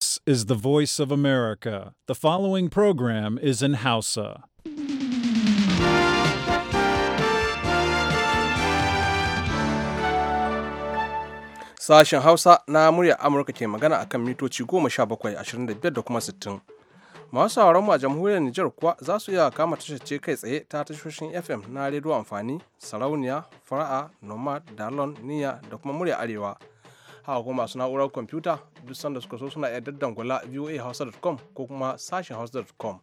This is the voice of America. The following program is in Hausa. Sashen Hausa na muryar Amurka ke magana akan mitoci goma sha bakwai, ashirin da da kuma sittin Masu sauraron mu a jamhuriyar Nijar kuwa za su iya kama tashar kai tsaye ta tashoshin FM na rediyo amfani, sarauniya, fara'a, nomad, dalon, niya da kuma murya arewa. haka kuma masu na'urar kwamfuta duk sanda suka so suna iya dangula voahouse.com ko kuma sashen house.com.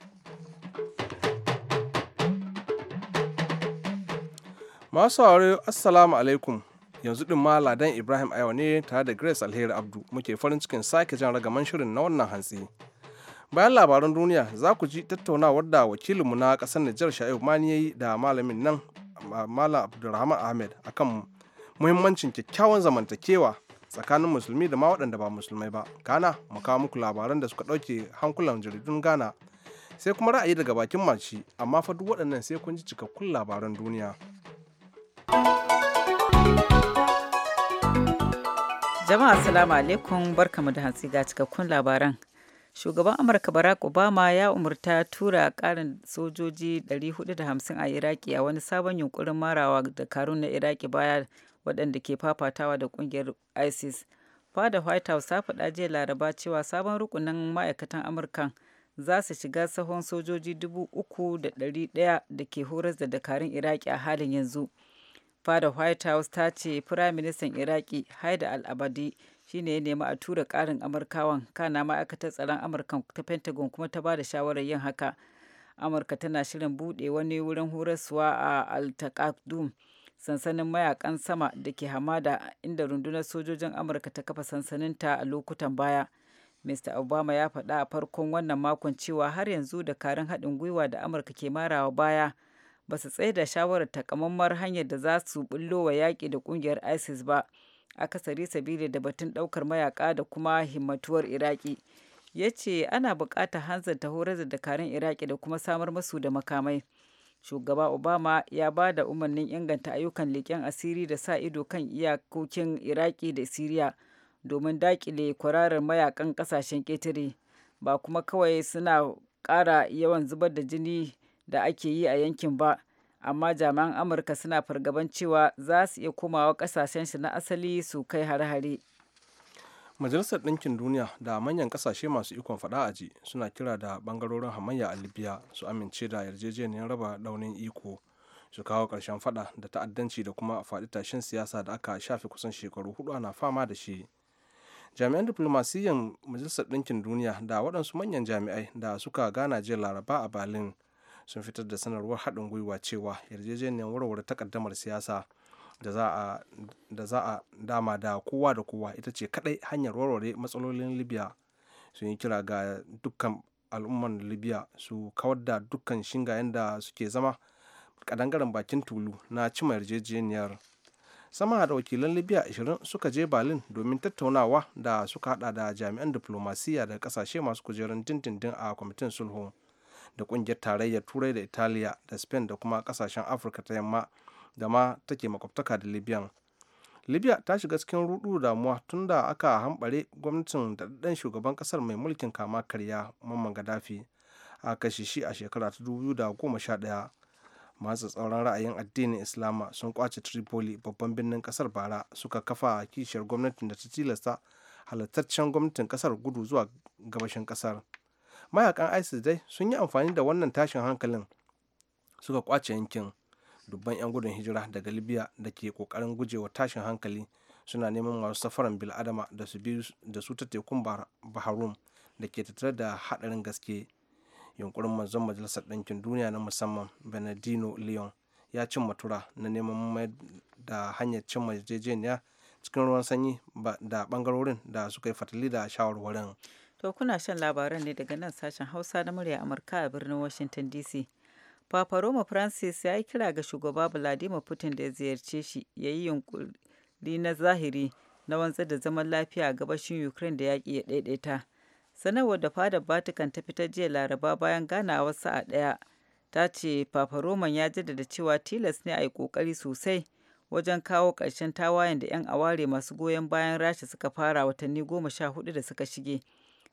masu sauraro assalamu alaikum yanzu din ma ladan ibrahim ayawa ne tare da grace alheri abdu muke farin cikin sake jan ragaman shirin na wannan hantsi bayan labaran duniya za ku ji tattaunawar da wakilinmu na kasar nijar sha'ib mani ya yi da malamin nan malam abdulrahman ahmed akan muhimmancin kyakkyawan zamantakewa tsakanin musulmi da ma waɗanda ba musulmai ba kana mu kawo muku labaran da suka ɗauke hankulan jaridun gana sai kuma ra'ayi daga bakin mace amma fa duk waɗannan sai kun ji cikakkun labaran duniya jama'a assalamu alaikum barkamu da hantsi ga cikakkun labaran shugaban amurka barack obama ya umarta tura karin sojoji 450 a iraki a wani sabon yunkurin marawa da karun na iraki baya waɗanda ke fafatawa da ƙungiyar isis fada white house ta faɗa jiya laraba cewa sabon rukunin ma'aikatan amurkan za su shiga sahon sojoji dubu uku da ɗari ɗaya da ke horas da dakarun iraki a halin yanzu fada white house ta ce firaministan iraki haida al-abadi shine ya nemi a tura ƙarin amurkawan kana ma'aikatar tsaron amurkan ta pentagon kuma ta ba da shawarar yin haka amurka tana shirin buɗe wani wurin horaswa a altakadum sansanin mayakan sama da ke hamada inda rundunar sojojin amurka ta kafa sansaninta a lokutan baya mr obama ya faɗa a farkon wannan makon cewa har yanzu da karin haɗin gwiwa da amurka ke marawa baya ba su tsaye da shawarar takamammar hanyar da za su bullo wa yaƙi da ƙungiyar isis ba akasari sabili da batun ɗaukar mayaka da kuma himmatuwar iraki ya ce ana buƙatar hanzarta horar da dakarun iraki da kuma samar masu da makamai shugaba obama ya ba da umarnin inganta ayyukan leƙen asiri da sa ido kan iyakokin iraki da siriya domin daƙile kwararar mayakan ƙasashen ƙetare ba kuma kawai suna ƙara yawan zubar da jini da ake yi a yankin ba amma jami'an amurka suna fargaban cewa za su iya komawa ƙasashensu na asali su kai hare-hare majalisar ɗinkin duniya da manyan ƙasashe masu ikon faɗa a ji suna kira da ɓangarorin hamayya a libya su amince da yarjejeniyar raba daunin iko su kawo ƙarshen faɗa da ta'addanci da kuma a faɗi tashin siyasa da aka shafe kusan shekaru hudu ana fama da shi jami'an diflomasiyyar majalisar ɗinkin duniya da waɗansu manyan jami'ai da suka gana jiya laraba a berlin sun fitar da sanarwar haɗin gwiwa cewa yarjejeniyar warware takaddamar siyasa da za a dama da kowa da kowa ita ce kadai hanyar warware matsalolin libya sun yi kira ga dukkan al'umman libya su kawar da dukkan shingayen da suke zama kadangaren bakin tulu na cima yarjejeniyar sama da wakilan libya 20 suka je berlin domin tattaunawa da suka hada da jami'an diplomasiya da kasashe masu kujerun dindindin a kwamitin sulhu da kungiyar tarayyar turai da italiya da spain da kuma kasashen afirka ta yamma da ma take makwabtaka da libya libya ta shiga cikin rudu damuwa tun da aka hambare gwamnatin da daɗaɗɗen shugaban ƙasar mai mulkin kama karya mamman gaddafi a kashe shi a shekara ta 2011 masu tsauran ra'ayin addinin islama sun kwace tripoli babban birnin kasar bara suka kafa kishiyar gwamnatin da ta tilasta halittaccen gwamnatin kasar gudu zuwa gabashin kasar mayakan isis dai sun yi amfani da wannan tashin hankalin suka kwace yankin dubban 'yan gudun hijira daga libya da ke kokarin gujewa tashin hankali suna neman masu safaran bil'adama da su da su ta tekun baharum da ke tattare da hadarin gaske yunkurin manzon majalisar ɗinkin duniya na musamman benedino leon ya cin matura na neman mai da hanyar cin yarjejeniya cikin ruwan sanyi da bangarorin da suka yi fatali da shawarwarin to kuna shan labaran ne daga nan sashen hausa na murya amurka a birnin washington dc Papa Roma Francis ya yi kira ga shugaba Vladimir Putin da ya ziyarce shi ya yi yunkuri na zahiri na wanzar da zaman lafiya a gabashin Ukraine da yaƙi ya ɗaiɗaita. Sanarwar da fadar Vatican ta fitar jiya Laraba bayan wasu a ɗaya ta ce Papa Roman ya jaddada cewa tilas ne a yi ƙoƙari sosai wajen kawo ƙarshen tawayen da 'yan aware masu goyon bayan Rasha suka fara watanni goma sha hudu da suka shige.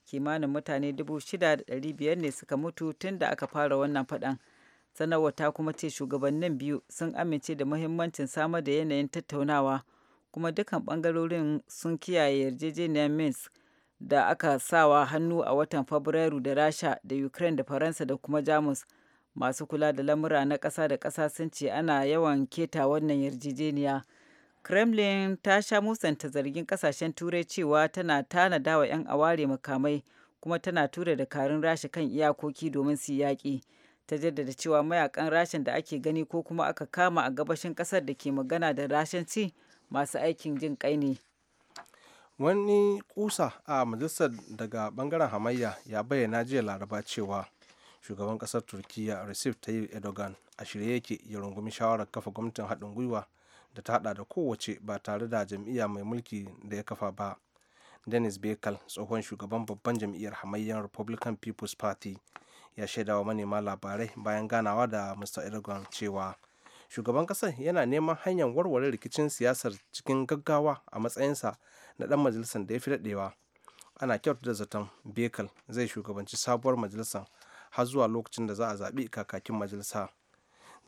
Kimanin mutane dubu shida da ɗari biyar ne suka mutu tun da aka fara wannan faɗan. sanarwar ta kuma ce shugabannin biyu sun amince da muhimmancin samar da yanayin tattaunawa kuma dukkan bangarorin sun kiyaye yarjejeniyar minsk da aka sawa hannu a watan fabrairu da rasha da ukraine da faransa da kuma jamus masu kula da lamura na ƙasa da ƙasa sun ce ana yawan keta wannan yarjejeniya kremlin ta sha musanta zargin ƙasashen turai cewa tana tanada wa 'yan aware makamai kuma tana tura da karin rasha kan iyakoki domin su yaƙi ta jaddada cewa mayakan rashin da ake gani ko kuma aka kama a gabashin kasar da ke magana da rashanci masu aikin jin kai ne wani kusa a majalisar daga bangaren hamayya ya bayyana jiya laraba cewa shugaban kasar turkiya recep tayyip erdogan a shirye yake ya rungumi shawarar kafa gwamnatin haɗin gwiwa da ta hada da kowace ba tare da jam'iyya mai mulki da ya kafa ba dennis bekal tsohon shugaban babban jam'iyyar hamayyar republican people's party ya shaidawa manema labarai bayan ganawa da mr erdogan cewa shugaban kasar yana neman hanyar warware rikicin siyasar cikin gaggawa a matsayinsa na dan majalisar da ya fi daɗewa ana da zaton bekal zai shugabanci sabuwar majalisar har zuwa lokacin da za a zaɓi kakakin majalisa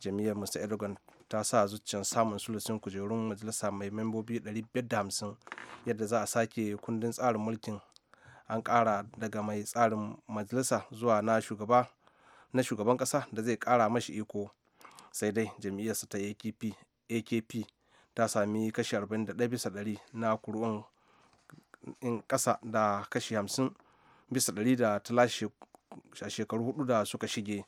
jami'ar mr erdogan ta sa zuciyar samun sulusin kujerun majalisa mai membobi 550 yadda za a sake kundin tsarin mulkin an ƙara daga mai tsarin majalisa zuwa na shugaba na shugaban ƙasa da zai kara mashi iko sai dai jam'iyyarsa ta akp, AKP ta sami kashi 41 bisa ɗari na kuru'un in ƙasa da kashi 50 bisa ɗari da ta lashe a shekaru hudu da suka shige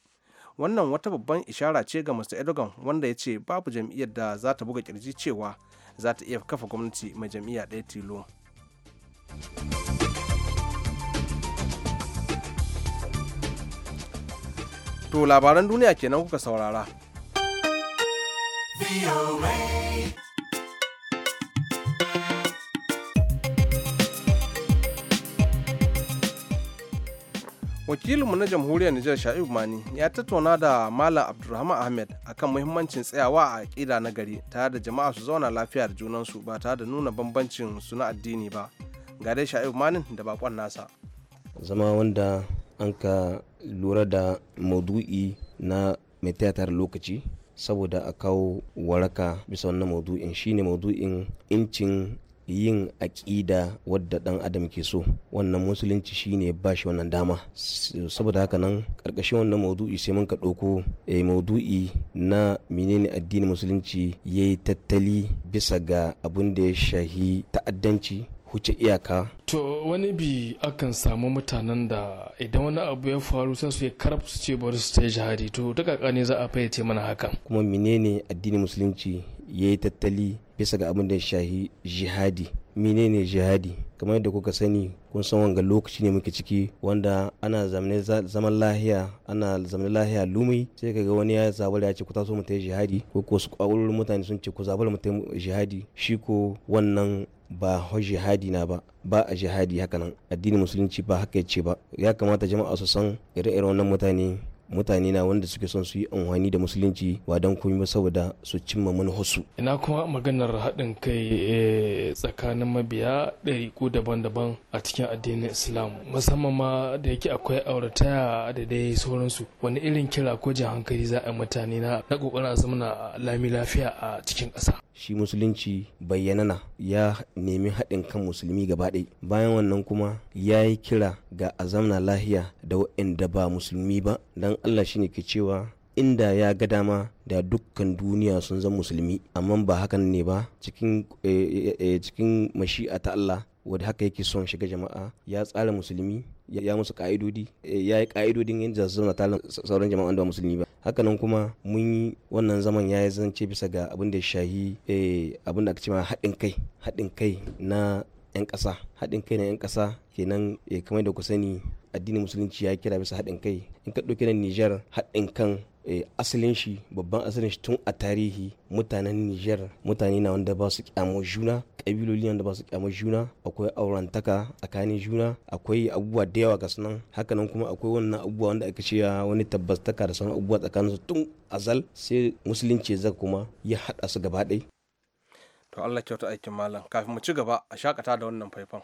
wannan wata babban ishara ce ga mr erdogan wanda ya ce babu jam'iyyar da za ta buga kirji cewa za ta iya kafa gwamnati mai jam'iyya ɗaya tilo. To labaran duniya kenan kuka saurara. wakilinmu na jamhuriyar nijar sha'ibu mani ya tattauna da malam abdulrahman ahmed akan muhimmancin tsayawa a aƙida na gari tare da jama'a su zauna lafiya da junansu ba tare da nuna bambancin su na addini ba ga dai sha'ibu Mani da bakon nasa zama wanda an ka lura da maudu'i na mai tayatar lokaci saboda a kawo waraka bisa wannan maudu'in shine maudu'in incin yin aƙida wadda ɗan adam ke so wannan musulunci shine ba shi wannan dama saboda haka nan ƙarƙashin wannan maudu'i sai mun ka ɗauko e, maudu'i na menene addinin musulunci ya yi tattali bisa ga abin da ya shahi ta'addanci huce iyaka to wani bi akan samu mutanen da idan wani abu ya faru sai su ya karab su ce bari su ta jihadi to ta ne za a fayyace mana hakan kuma menene addinin musulunci ya yi tattali bisa ga abin da ya shahi jihadi menene jihadi kamar yadda kuka sani kun san wanga lokaci ne muke ciki wanda ana zaman lahiya ana zaman lahiya lumai sai kaga wani ya zabar ya ce ku taso mu ta jihadi ko ko su mutane sun ce ku zabar mu ta jihadi shi ko wannan ba jihadi na ba ba a jihadi haka nan addinin musulunci ba haka ya ce ba ya kamata jama'a su san ire-iren wannan mutane mutane na wanda suke son su yi amfani da musulunci ba don komai ba saboda su cimma manuhosu. ina kuma maganar haɗin kai eh, tsakanin mabiya ɗari ko daban-daban a cikin addinin islam musamman ma da yake akwai aurataya da dai sauransu wani irin kira ko jan hankali za a yi mutane na na a zama lami lafiya a cikin ƙasa. shi musulunci bayyanana ya nemi haɗin kan musulmi gaba ɗaya bayan wannan kuma ya yi kira ga azamna lahiya da waɗanda ba musulmi ba don allah shine ke cewa inda ya ga dama da dukkan duniya sun zama musulmi amma ba hakan ne ba cikin eh, eh, eh, cikin mashi'a ta allah wadda haka yake son shiga jama'a ya tsara musulmi ya musu ka'idodi eh, ya yi ka'idodin yin su zauna sauran jama'an da musulmi ba hakanan kuma mun yi wannan zaman ya yi zance bisa ga abin da shahi eh, abin da aka ce ma haɗin kai haɗin kai na 'yan ƙasa haɗin kai na 'yan ƙasa kenan eh, kamar da ku sani addinin musulunci ya kira bisa haɗin kai in ka ɗauki nan Nijar haɗin kan Eh, asalin shi babban asalin shi tun a tarihi mutanen Nijar mutane na wanda ba su kyamo juna kabiloli wanda ba su kyamo juna akwai aurantaka tsakanin juna akwai abubuwa da yawa ga sunan hakanan kuma akwai wannan abubuwa wanda aka ce wani tabbastaka da sauran abubuwa tsakanin su tun azal sai musulunci zai kuma ya haɗa su gaba ɗaya to Allah kyauta aikin malam kafin mu ci gaba a shakata da wannan faifan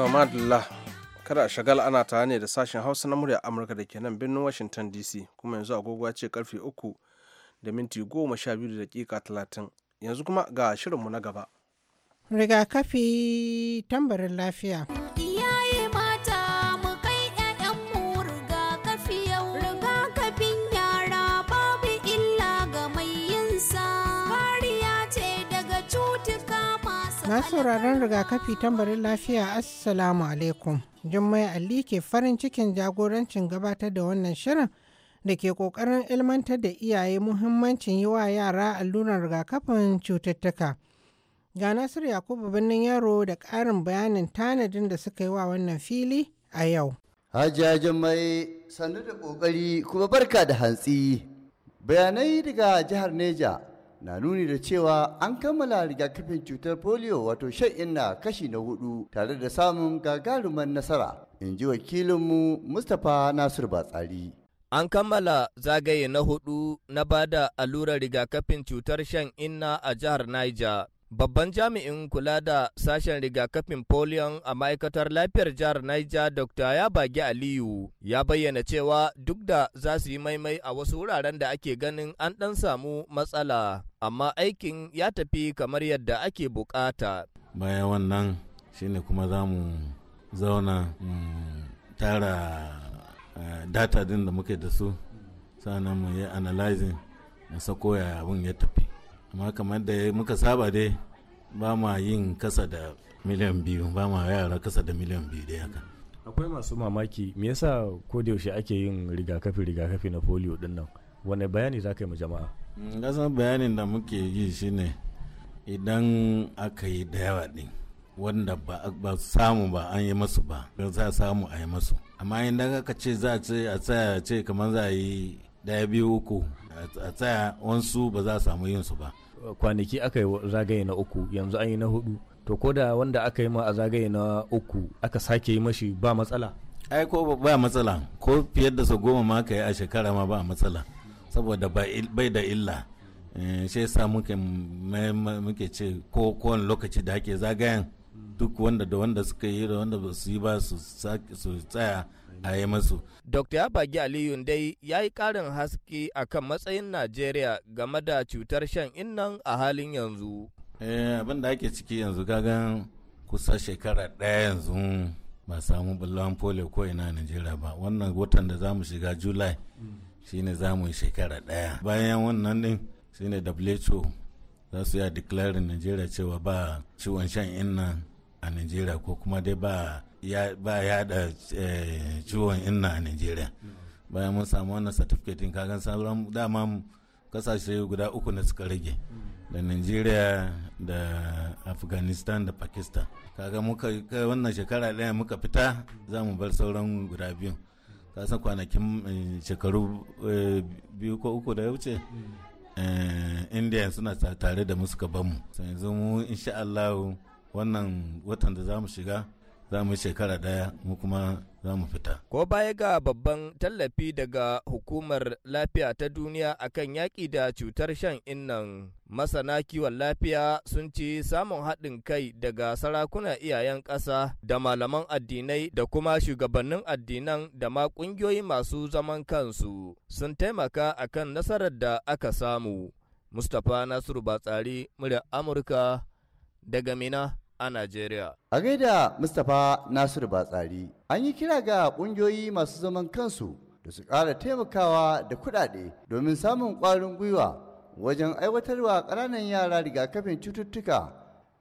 To madalla kada a shagala ana tare ne da sashen Hausa na murya Amurka da ke nan birnin Washington DC kuma yanzu agogo ce karfe uku da minti goma sha biyu da dakika talatin yanzu kuma ga shirinmu na gaba. Rigakafi tambarin lafiya. Na sauraron rigakafi tambarin lafiya Assalamu alaikum. Jummai Ali ke farin cikin jagorancin gabatar da wannan shirin da ke ƙoƙarin ilmantar da iyaye muhimmancin yi wa yara alluran rigakafin cututtuka. Ga Nasiru Yakubu birnin yaro da ƙarin bayanin tanadin da suka yi wa wannan fili a yau. Hajiya Jummai sannu da ƙoƙari kuma barka da hantsi. Bayanai daga jihar Neja na nuni da cewa an kammala rigakafin cutar polio wato shan inna kashi na hudu tare da samun gagarumar nasara in ji wakilinmu mustapha nasir batsari an kammala zagaye na hudu na bada allurar rigakafin cutar shan inna a jihar niger Babban jami'in kula da sashen rigakafin polion a ma'aikatar lafiyar jihar Niger Dr. Yabagi Aliyu ya bayyana cewa duk da za su yi maimai a wasu wuraren da ake ganin an ɗan samu matsala, amma aikin ya tafi kamar yadda ake bukata. baya wannan shine kuma za mu zauna tara eh, data din da muke da su, sannan mu yi analyzing, mu sako ya abin ya tafi. amma kamar da muka saba dai ba ma yin kasa da miliyan biyu ba ma yara kasa da miliyan biyu da haka akwai masu mamaki me yasa ko da yaushe ake yin rigakafi rigakafi na polio din nan wani bayani za ka yi jama'a gasan mm, bayanin da muke yi shine idan aka yi da yawa din wanda ba samu ba an yi masu ba za samu a yi masu amma idan aka ce za a ce a tsaya ce kamar za a yi daya biyu uku a tsaya wansu ba za a samu yin su ba kwanaki aka yi zagaye na uku yanzu an yi na hudu to ko da wanda aka yi ma a zagaye na uku aka sake yi mashi ba matsala ai ko ba matsala ko fiye da sau goma ma ka yi a shekara ma ba matsala saboda bai da illa eh, shi yasa muke muke ce ko kowane lokaci da ake zagayen duk wanda da wanda suka yi da wanda ba su yi ba su tsaya a yi masu. Dr. Abagi Aliyu dai ya yi ƙarin haske a kan matsayin Najeriya game da cutar shan innan a halin yanzu. Eh, abin da ake ciki yanzu gagan kusa shekara ɗaya yanzu ba samu bulon polio ko ina Najeriya ba wannan watan da zamu shiga July shine zamu yi shekara ɗaya bayan wannan din ne WHO za su yi declaring Najeriya cewa ba ciwon shan inna a Najeriya ko kuma dai ba ya ba ya da eh, ciwon inna a Najeriya bayan mun samu wannan certificate din kagan sauran dama kasashe guda uku na suka rage da nigeria da Afghanistan da Pakistan kaga muka kai wannan shekara ɗaya muka fita za mu bar sauran guda biyu kasan kwanakin eh, shekaru eh, biyu ko uku da ya wuce indiya suna tare da mu suka bamu yanzu mu insha Allah wannan watan da za mu shiga za mu shekara daya mu kuma za mu fita. Ko baya ga babban tallafi daga hukumar lafiya ta duniya akan yaƙi da cutar shan innan masana kiwon lafiya sun ci samun haɗin kai daga sarakuna iyayen ƙasa da malaman addinai da kuma shugabannin addinan da ma ƙungiyoyi masu zaman kansu sun taimaka akan nasarar da aka samu. Mustapha Nasiru Batsari, murya Amurka daga Mina a Najeriya. A gaida Mustapha Nasiru Batsari, an yi kira ga ƙungiyoyi masu zaman kansu da su ƙara taimakawa da kuɗaɗe domin samun ƙwarin gwiwa wajen aiwatarwa ƙananan yara rigakafin cututtuka.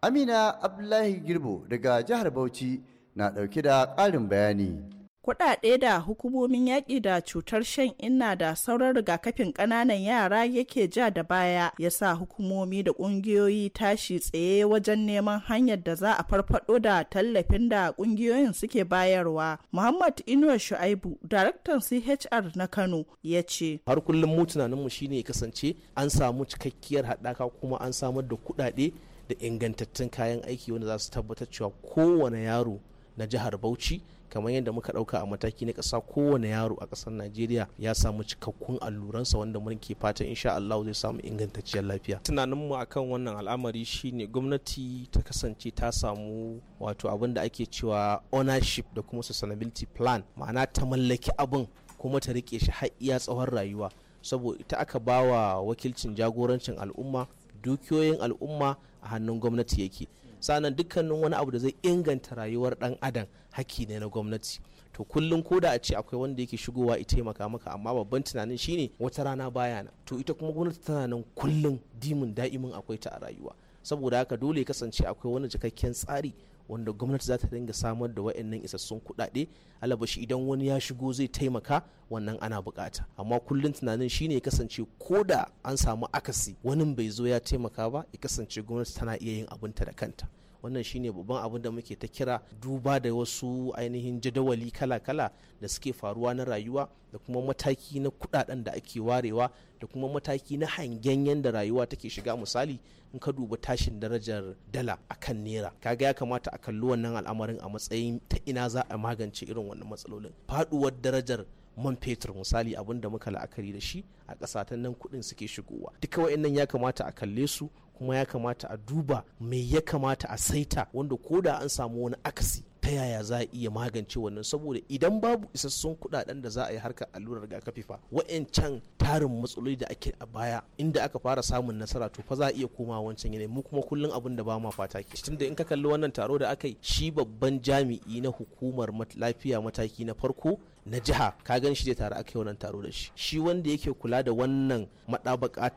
Amina Abdullahi Girbo daga jihar Bauchi na ɗauke da ƙarin bayani. kuɗaɗe da hukumomin yaƙi da cutar shan inna da sauran rigakafin ƙananan yara yake ja da baya ya sa hukumomi da ƙungiyoyi tashi tsaye wajen neman hanyar da za a farfaɗo da tallafin da ƙungiyoyin suke bayarwa. Muhammad Inuwa Shu'aibu, daraktan CHR na Kano, ya ce. Har kullum mu tunaninmu shine ya kasance an samu cikakkiyar haɗaka kuma an samar da kuɗaɗe da ingantattun kayan aiki wanda za su tabbatar cewa kowane yaro na jihar Bauchi kamar yadda muka ɗauka a mataki na kasa kowane yaro a ƙasar najeriya ya samu cikakkun alluransa wanda mun ke fatan insha allahu zai samu ingantacciyar lafiya tunanin mu akan wannan al'amari shine gwamnati ta kasance ta samu wato abin da ake cewa ownership da kuma sustainability plan ma'ana ta mallaki abin kuma ta rike shi har iya tsawon rayuwa saboda ita aka bawa wakilcin jagorancin al'umma dukiyoyin al'umma a hannun gwamnati yake sannan dukkanin wani abu da zai inganta rayuwar dan adam haki ne na gwamnati to kullum ko da a ce akwai wanda yake shigowa ya taimaka maka amma babban tunanin shine wata rana baya na to ita kuma gwamnati tana nan kullum dimin da'imin akwai ta a rayuwa saboda haka dole kasance akwai wani cikakken tsari wanda gwamnati za ta dinga samar da wa'annan isassun kuɗaɗe alabashi idan wani ya shigo zai taimaka wannan ana bukata amma kullum tunanin shine ya kasance ko da an samu akasi wani bai zo ya taimaka ba ya kasance gwamnati tana iya yin abinta da kanta wannan shine babban abin da muke ta kira duba da wasu ainihin jadawali kala-kala da suke faruwa na rayuwa da kuma mataki na kudaden da ake warewa da kuma mataki na hangen yadda rayuwa take shiga misali in ka duba tashin darajar dala akan naira kaga ya kamata a kalli wannan al'amarin a matsayin ta ina za a magance irin wannan matsalolin faduwar darajar man fetur misali abin da muka la'akari da shi a ƙasatan nan kuɗin suke shigowa duka wa'annan ya kamata a kalle su kuma ya kamata a duba me ya kamata a saita wanda ko da an samu wani akasi ta yaya za a iya magance wannan saboda idan babu isassun kuɗaɗen da za a yi harkar allurar rigakafi fa wa'ancan tarin matsaloli da ake a baya inda aka fara samun nasara to fa za a iya koma wancan yanayi mu kuma kullum abin da ba ma fata ke tunda in ka kalli wannan taro da aka yi shi babban jami'i na hukumar lafiya mataki na farko na jiha ka gan shi da tare aka yi wannan taro da shi shi wanda yake kula da wannan madabaka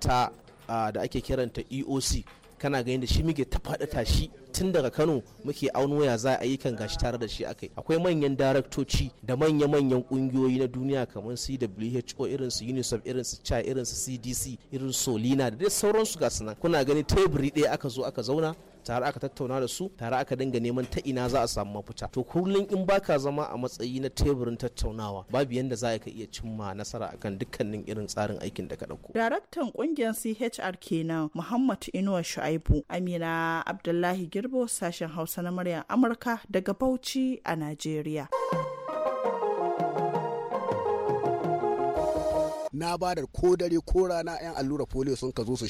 da ake kiranta EOC kana ganin da shi muke ta faɗata shi tun daga kano muke auna ya za a yi kan gashi tare da shi akai akwai manyan daraktoci da manya-manyan kungiyoyi na duniya kamar cwho irin su unicef irin su cha irin su cdc irin solina da dai sauransu ga sunan kuna gani teburi ɗaya aka zo aka zauna tare aka tattauna da su tare aka dinga neman ta ina za a samu mafita to kullum in baka zama a matsayi na teburin tattaunawa babu yanda za ka iya cimma nasara akan dukkanin irin tsarin aikin da ka dauko daraktan kungiyar CHR kenan Muhammad Inuwa Shu'aibu Amina Abdullahi Girbo sashen Hausa na muryar Amurka daga Bauchi a Najeriya. na ba da ko dare ko rana yan allura polio sun ka zo su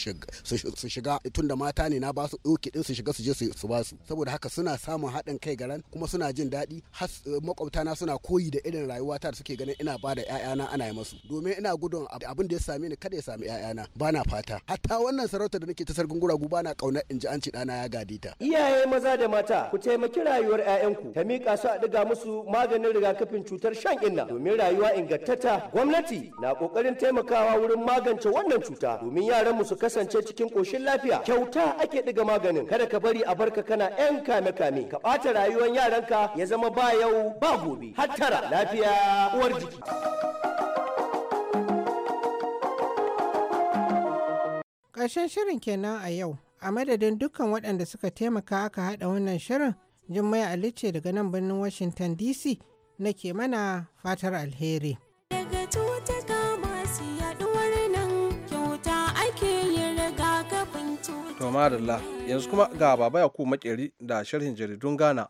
shiga tun da mata ne na ba su ɗauki ɗin su shiga su je su ba su saboda haka suna samun haɗin kai garan kuma suna jin daɗi eh, makwabta suna koyi da irin rayuwa ta da suke ganin ina ba da ƴaƴana ana yi musu domin ina gudun abin da ya same ni kada ya sami ƴaƴana na fata hatta wannan sarauta da nake ta sargin guragu na kauna in ji an ci ɗana ya gade ta iyaye maza da mata ku taimaki rayuwar ƴaƴanku ta miƙa su a ɗiga musu maganin rigakafin cutar shan inna domin rayuwa ingantatta gwamnati na ƙoƙarin kokarin taimakawa wurin magance wannan cuta domin yaran mu su kasance cikin koshin lafiya kyauta ake diga maganin kada ka bari a barka kana yan kame kame ka bata rayuwar yaranka ya zama ba yau ba gobe hattara lafiya uwar jiki ƙarshen shirin kenan a yau a madadin dukkan waɗanda suka taimaka aka haɗa wannan shirin jummai alice daga nan birnin washington dc nake mana fatar alheri To madalla yanzu kuma ga baba ya ku makeri da sharhin jaridun Ghana.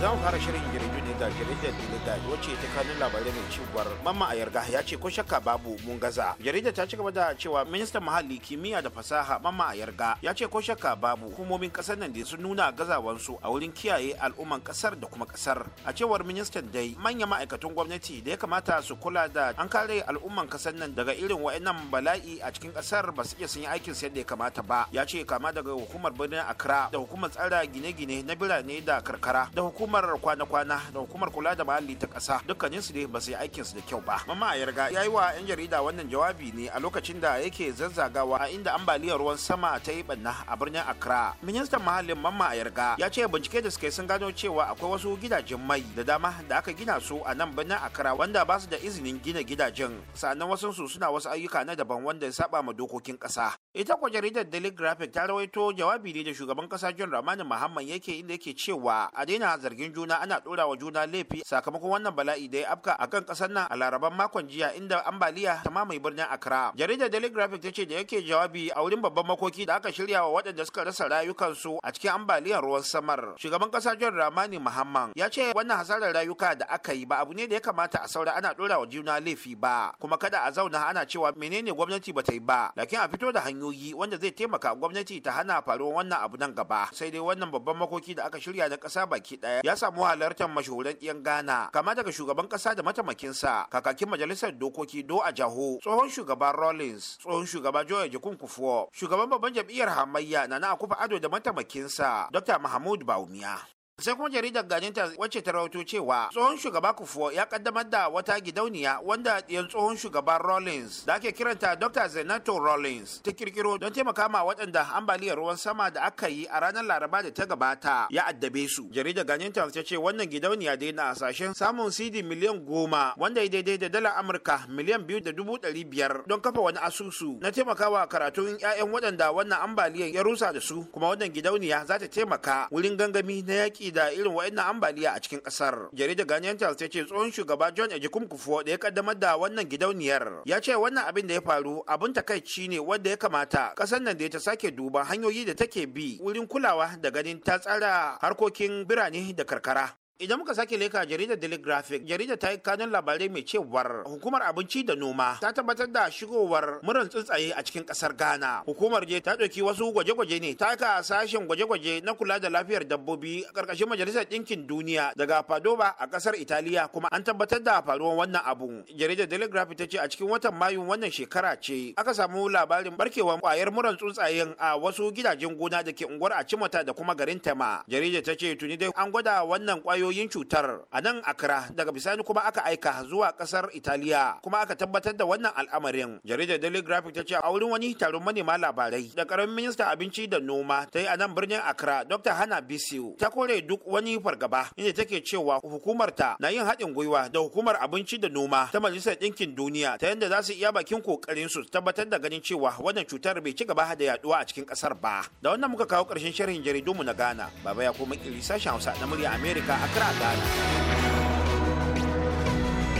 Zan fara shirin jaridun da jaridar Diliga wacce ta kanin labarai mai cewar mamma a yarga ya ce ko shakka babu mun gaza. Jaridar ta ci gaba da cewa ministan muhalli kimiyya da fasaha mamma a yarga ya ce ko shakka babu hukumomin kasar nan da sun nuna su. a wurin kiyaye al'umman kasar da kuma kasar. A cewar ministan dai manyan ma'aikatan gwamnati da ya kamata su kula da an kare al'umman kasar nan daga irin wa'annan bala'i a cikin kasar ba su iya sun yi aikin yadda ya kamata ba. Ya ce kama daga hukumar birnin Accra da hukumar tsara gine-gine na birane da karkara da hukumar kwana-kwana da hukumar kula da muhalli ta kasa. dukkanin su ne ba su yi aikin su da kyau ba mama ya riga yayi wa yan jarida wannan jawabi ne a lokacin da yake zazzagawa a inda ambaliyar ruwan sama ta yi banna a birnin Accra ministan muhallin mama ya ya ce bincike da suke sun gano cewa akwai wasu gidajen mai da dama da aka gina su a nan birnin Accra wanda ba su da izinin gina gidajen sannan wasu su suna wasu ayyuka na daban wanda ya saba ma dokokin ƙasa ita kwa jaridar Daily Graphic ta rawaito jawabi ne da shugaban ƙasa John Ramani Mahama yake inda yake cewa a daina zargin juna ana ɗora wa juna juna laifi sakamakon wannan bala'i da ya afka a kan ƙasar nan a laraban makon jiya inda ambaliya ta mamaye birnin Accra. Jaridar Daily Graphic ta ce da yake jawabi a wurin babban makoki da aka shirya wa waɗanda suka rasa rayukansu a cikin ambaliyar ruwan samar. Shugaban ƙasa John Ramani Muhammad ya ce wannan hasarar rayuka da aka yi ba abu ne da ya kamata a saura ana ɗora wa juna laifi ba kuma kada a zauna ana cewa menene gwamnati ba ta yi ba lakin a fito da hanyoyi wanda zai taimaka gwamnati ta hana faruwar wannan abu nan gaba sai dai wannan babban makoki da aka shirya na kasa baki ɗaya ya samu halartar mashahuran koren yan Ghana kama daga shugaban ƙasa da mataimakinsa kakakin majalisar dokoki Do a Jaho tsohon shugaban Rawlings tsohon shugaba Joya Jikun Kufuor shugaban babban jam'iyyar hamayya Nana Akufa Ado da mataimakinsa Dr. Mahmud Baumiya. sai kuma jaridar gajinta wacce ta rawato cewa tsohon shugaba kufuwa ya kaddamar da wata gidauniya wanda yan tsohon shugaba rollins da ake kiranta dr zenato rollins ta kirkiro don taimaka ma waɗanda ambaliyar ruwan sama da aka yi a ranar laraba da ta gabata ya addabe su jaridar gajinta ta ce wannan gidauniya dai na hasashen samun cd miliyan goma wanda ya daidai da dalar amurka miliyan biyu da dubu ɗari biyar don kafa wani asusu na taimakawa karatun 'ya'yan waɗanda wannan ambaliyar ya rusa da su kuma wannan gidauniya za ta taimaka wurin gangami na yaƙi yaƙi da irin wa'annan ambaliya a cikin ƙasar. Jaridar Ghanaian Times ta ce tsohon shugaba John Ejikum Kufuor da ya kaddamar da wannan gidauniyar ya ce wannan abin da ya faru abin takaici ne wanda ya kamata ƙasar nan da ta sake duba hanyoyi da take bi wurin kulawa da ganin ta tsara harkokin birane da karkara. Idan muka sake leka jaridar Daily Graphic, jaridar ta yi kanin labarai mai cewar hukumar abinci da noma ta tabbatar da shigowar murin tsuntsaye a cikin kasar Ghana. Hukumar je ta ɗauki wasu gwaje-gwaje ne ta ka sashen gwaje-gwaje na kula da lafiyar dabbobi a ƙarƙashin Majalisar Ɗinkin Duniya daga Padova a ƙasar Italiya kuma an tabbatar da faruwar wannan abu. Jaridar Daily Graphic ta ce a cikin watan Mayu wannan shekara ce aka samu labarin barkewar kwayar muran tsuntsayen a wasu gidajen gona da ke unguwar a cimata da kuma garin Tema. Jaridar ta ce tuni dai an gwada wannan kwayoyi kwayoyin cutar a nan akra daga bisani kuma aka aika zuwa kasar Italiya kuma aka tabbatar da wannan al'amarin. Jaridar Daily Graphic ta ce a wurin wani taron manema labarai da karamin minista abinci da noma ta yi a nan birnin akra Dr. Hana Bisiu ta kore duk wani fargaba inda take cewa hukumar ta na yin haɗin gwiwa da hukumar abinci da noma ta Majalisar Ɗinkin Duniya ta yadda za su iya bakin kokarin su tabbatar da ganin cewa wannan cutar bai ci gaba da yaduwa a cikin ƙasar ba. Da wannan muka kawo ƙarshen sharhin jaridunmu na gana Baba ya kuma ƙiri sashen Hausa na murya Amerika a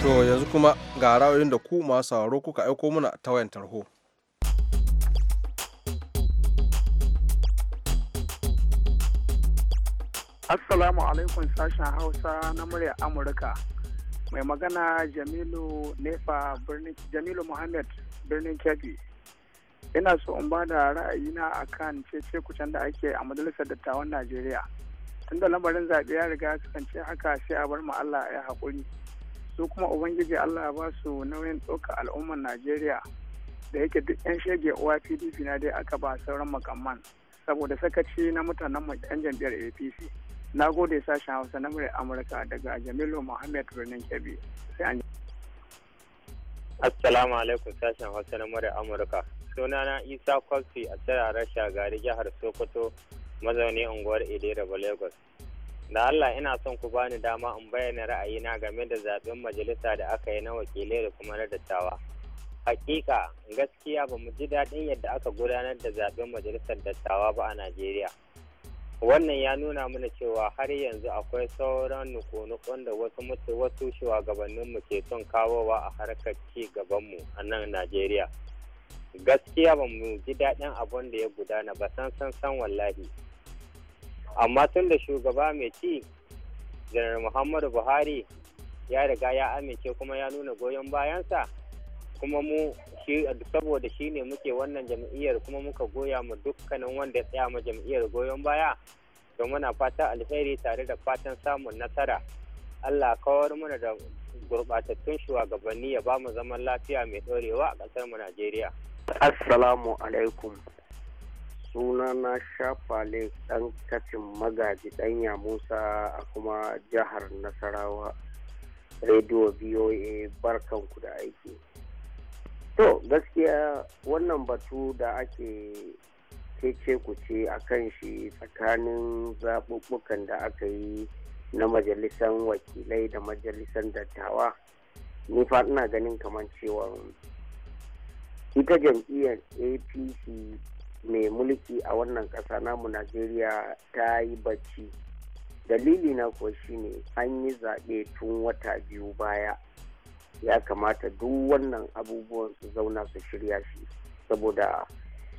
To yanzu kuma ga ra'ayoyin da ku masu sauraro kuka aiko muna ta wayan tarho. Assalamu alaikum sashen Hausa na murya Amurka. Mai magana Jamilu Nefa birnin Jamilu Muhammad birnin Kebbi. Ina so in ba da ra'ayina akan cece kucen da ake a majalisar dattawan Najeriya. tunda lamarin zaɓe ya riga sukan ce haka sai a bar mu Allah ya haƙuri su kuma ubangiji Allah ya ba su nauyin ɗaukar al'ummar Najeriya da yake duk 'yan shege uwa PDP na dai aka ba sauran makamman saboda sakaci na mutanen mu 'yan jam'iyyar APC na gode sashen Hausa na muryar Amurka daga Jamilu Muhammad Birnin Kebbi sai an Assalamu alaikum sashen Hausa na muryar Amurka sunana Isa Kwafsi a tsirarar shagari jihar Sokoto mazauni unguwar ba Lagos. Da Allah ina son ku bani dama in bayyana ra'ayina game da zaben majalisa da aka yi na wakilai da kuma na dattawa. Hakika gaskiya ba mu ji daɗin yadda aka gudanar da zaben majalisar dattawa ba a Najeriya. Wannan ya nuna mana cewa har yanzu akwai sauran nukunukun da wasu mutu wasu shugabanninmu ke son kawowa a harkar ci gabanmu a nan Najeriya. Gaskiya ba mu ji daɗin abun da ya gudana ba san san san wallahi. amma tun da shugaba mai ci janar muhammadu buhari ya riga ya amince kuma ya nuna goyon bayansa kuma mu saboda shi ne muke wannan jam'iyyar kuma muka goya mu dukkanin wanda ya tsaya ma jam'iyyar goyon baya to muna fata alheri tare da fatan samun nasara allah kawar mana da gurɓatattun shugabanni ya ba mu zaman lafiya mai ɗorewa a ƙasar mu najeriya assalamu alaikum suna na shafale ɗan kacin magaji ɗanya musa a kuma jihar nasarawa rediyo voa barkanku da aiki to gaskiya wannan batu da ake kece ku ce a kan shi tsakanin zaɓuɓɓukan da aka yi na majalisar wakilai da majalisar dattawa ni fa ina ganin kamar cewa ita jam'iyyar apc mai mulki a wannan ƙasa namu najeriya ta yi bacci dalili na kuwa shine an yi zaɓe tun wata biyu baya ya kamata duk wannan abubuwan su zauna su shirya shi saboda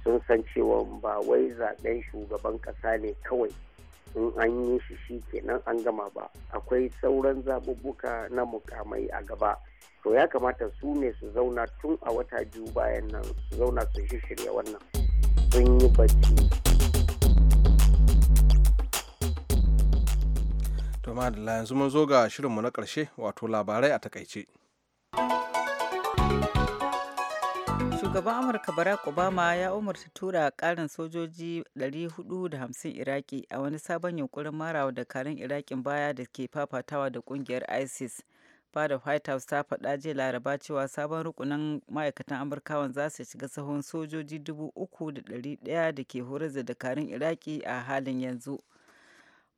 sun san cewa ba wai zaɓen shugaban ƙasa ne kawai in an yi shi shi kenan an gama ba akwai sauran zaɓuɓɓuka na mukamai a gaba to ya kamata su ne su zauna tun a wata biyu bayan nan su zauna su shirya wannan. sun yi bacci. To madalla yanzu mun zo ga shirinmu na ƙarshe wato labarai a takaice. shugaban amurka barack obama ya umarta tura ƙarin sojoji 450 iraki a wani sabon yunkurin marawa karin irakin baya da ke fafatawa da kungiyar isis fadar white house ta faɗa jiya laraba cewa sabon rukunin ma'aikatan amurkawan za su shiga sahun sojoji dubu uku da ɗari ɗaya da ke horar da dakarun iraki a halin yanzu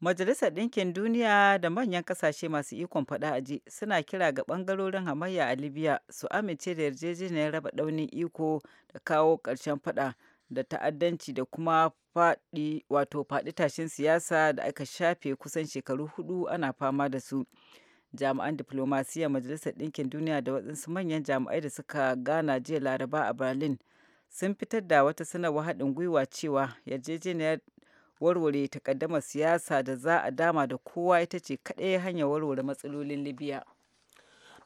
majalisar ɗinkin duniya da manyan ƙasashe masu ikon faɗa a ji suna kira ga ɓangarorin hamayya a libya su amince da yarjejeniyar raba ɗaunin iko da kawo ƙarshen faɗa da ta'addanci da kuma faɗi wato faɗi tashin siyasa da aka shafe kusan shekaru hudu ana fama da su jami'an diplomasiyya majalisar ɗinkin duniya da waɗansu manyan jami'ai da suka gana jiya laraba a berlin sun fitar da wata sanarwar haɗin gwiwa cewa yarjejeniyar warware takaddamar siyasa da za a dama da kowa ita ce kaɗai hanyar warware matsalolin libya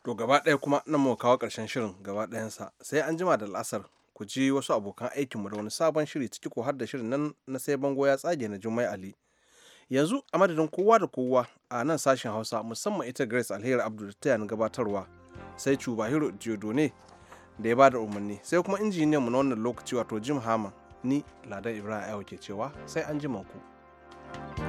to gaba ɗaya kuma nan mu kawo ƙarshen shirin gaba ɗayansa sai an jima da la'asar ku ji wasu abokan aikinmu da wani sabon shiri ciki ko har da shirin nan na sai bango ya tsage na jummai ali yanzu a madadin kowa da kowa a nan sashen hausa musamman ita grace alheri abdul ta gabatarwa sai cubahiro ne da ya ba da umarni sai kuma injiniyan mu na wannan lokaci wato jim haman ni ladan ibrahim ayo ke cewa sai an ji ku. thank you